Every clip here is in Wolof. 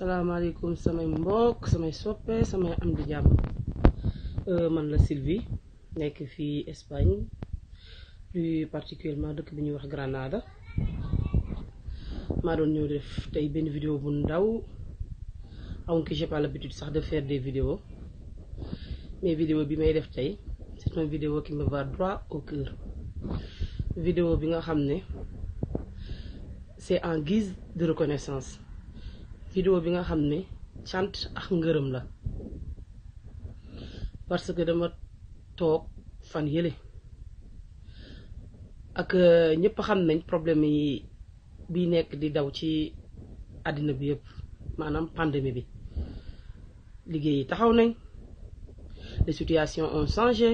salaamaaleykum samay mbokk samay soppe samay am di jàmm euh, man la Sylvie nekk fii Espagne plus particulièrement dëkk bi ñuy wax Granada ma doon ñëw def tey benn vidéo bu ndaw aunque j'ai pas l'habitude sax de faire des vidéos mais vidéo bi may def tey c'est une vidéo qui me droit au cœur vidéo bi nga xam ne c'est en guise de reconnaissance vidéo bi nga xam ne cant ak ngërëm la parce que dama toog fan yële ak euh, ñëpp xam nañ problème yi bi nekk di daw ci àddina bi yëpp maanaam pandémie bi liggéey yi taxaw nañ les situations ont changé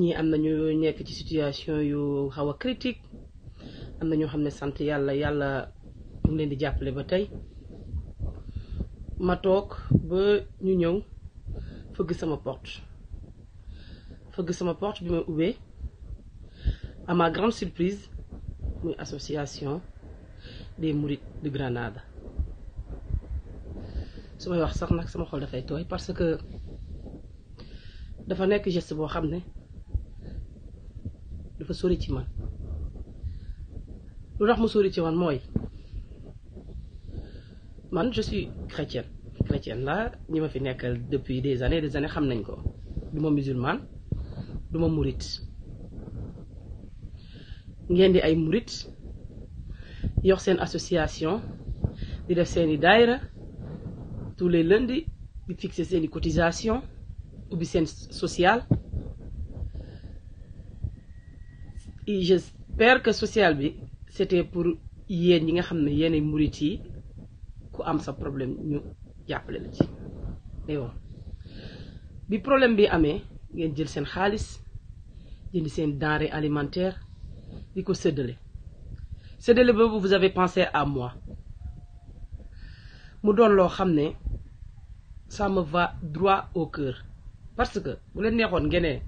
ñii am na ñu nekk ci situation yu xaw a critique am na ñoo xam ne sant yàlla yàlla mu ngi leen di jàppale ba tey ma toog ba ñu ñëw fëgg sama porte fëgg sama porte bi may ubbee à ma grande surprise muy association des mourides de Granada su may wax sax nag sama xol dafay tooy parce que dafa nekk geste boo xam ne dafa sori ci man lu tax mu sori ci man mooy man je suis chrétienne chrétienne la ñi ma fi nekkal depuis des années des années xam nañ ko du ma musulman du ma murit ngeen di ay murit yor seen association di def seeni daayira tous les lundis di fixer seeni cotisation ubbi seen social et j'espère que social bi c'était pour yéen ñi nga xam ne yéenay murit yi am sa problème ñu jàppale la ci mais bi problème bi amee ngeen jël seen xaalis jëndi seen denrée alimentaire di ko séddale séddale boobu vous avez pensé à moi mu doon loo xam ne ça me va droit au cœur parce que bu leen neexoon ngeen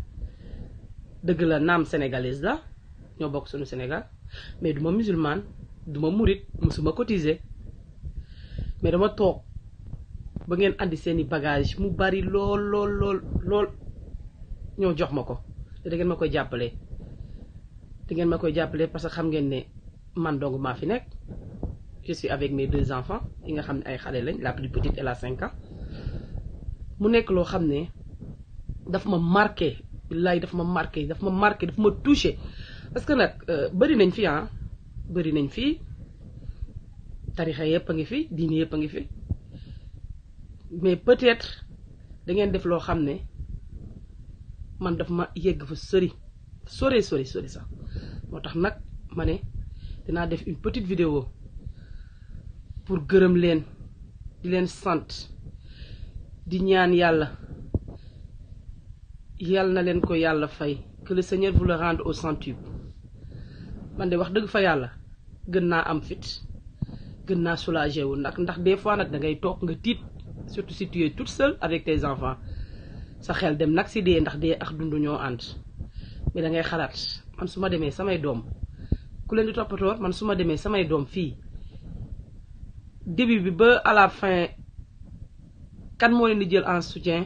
dëgg la naam sénégalaise la ñoo bokk sunu Sénégal mais duma musulmane duma murit ma cotiser mais dama toog ba ngeen andi seeni i bagage mu bari lool lool lool lool ñëw jox ma ko te da ngeen ma koy jàppale te ngeen ma koy jàppale parce que xam ngeen ne man dong maa fi nekk je suis avec mes deux enfants yi nga xam ne ay xale lañ la plus petite elle a cinq ans mu nekk loo xam ne daf ma marqué billaay daf ma marqué daf ma marqué daf ma touché parce que nag euh, bëri nañ fi ah bëri nañ fii tarixa yëpp a ngi fi diine yëpp a ngi fi mais peut-être da ngeen def loo xam ne man daf ma yegg fa sori sori sori sax moo tax nag ma ne dinaa def une petite vidéo pour gërëm leen di leen sant di ñaan yàlla yàlla na leen ko yàlla fay que le Seigneur vous le rende au centuple man de wax dëgg fa yàlla gën naa am fit gën naa soulagé wu ndax ndax des fois nag da ngay toog nga tiit surtout si tout es toute avec tes enfants sa xel dem nag si dee ndax dee ak dund ñoo ànd mais da ngay xalaat man su ma demee samay doom ku leen di toppatoo man su ma demee samay doom fii début bi ba à fin kan moo leen di jël en soutien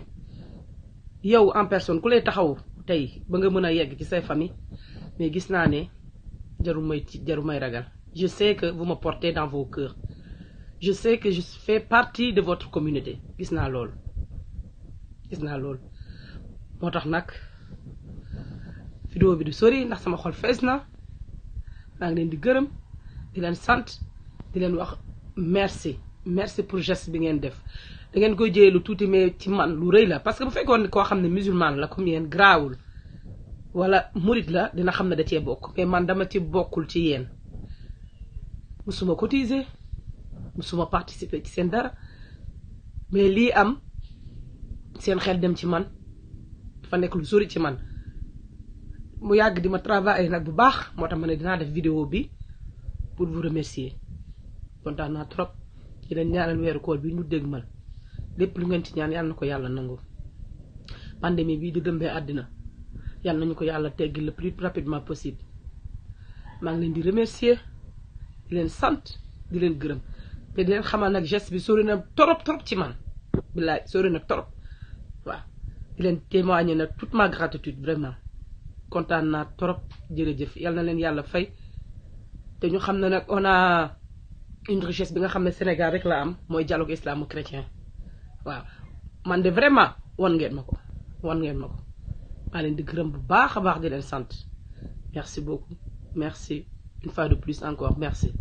yow en personne ku lay taxaw tey ba nga mën a yegg ci say famille mais gis naa ne jaru may ci jaru may ragal. Je sais que vous ma porte dans vos cœurs. Je sais que je fais partie de votre communauté. gis naa lool gis naa lool moo tax nag vidéo bi du sori ndax sama xol fees na maa ngi leen di gërëm di leen sant di leen wax merci merci pour geste bi ngeen def da ngeen koy jëlee lu tuuti mais ci man lu rëy la parce que bu fekkoon koo xam ne musulman la comme yéen garaawul wala murit la dina xam ne da cee bokk mais man dama ci bokkul ci yéen. musuma cotiser suma participer ci seen dara mais lii am seen xel dem ci man fa nekk lu sori ci man mu yàgg di ma travailler nag bu baax moo tax ma ne dinaa def vidéo bi pour vous remercier kontaan naa trop ci dañ ñaanal weeru koor bi ñu dégmal lépp lu ngeen ci ñaan yàlla na ko yàlla nangu pandémie bii di dëmbee àddina yàlla nañu ko yàlla tegg le plus rapidement possible maa ngi leen di remercier di leen sant di leen gërëm te di leen xamal nag gest bi sori na torop torop ci man billaay sori na torop waaw di leen témoigner nag toute ma gratitude vraiment kontaan naa torop jërëjëf yal na leen yàlla fay te ñu xam ne nag on a une bi nga xam ne Sénégal rek la am mooy dialogue islamo-chrétien waaw man de vraiment wan ngeen ma ko wan ngeen ma ko maa leen di gërëm bu baax a baax di leen sant merci beaucoup merci une fois de plus encore merci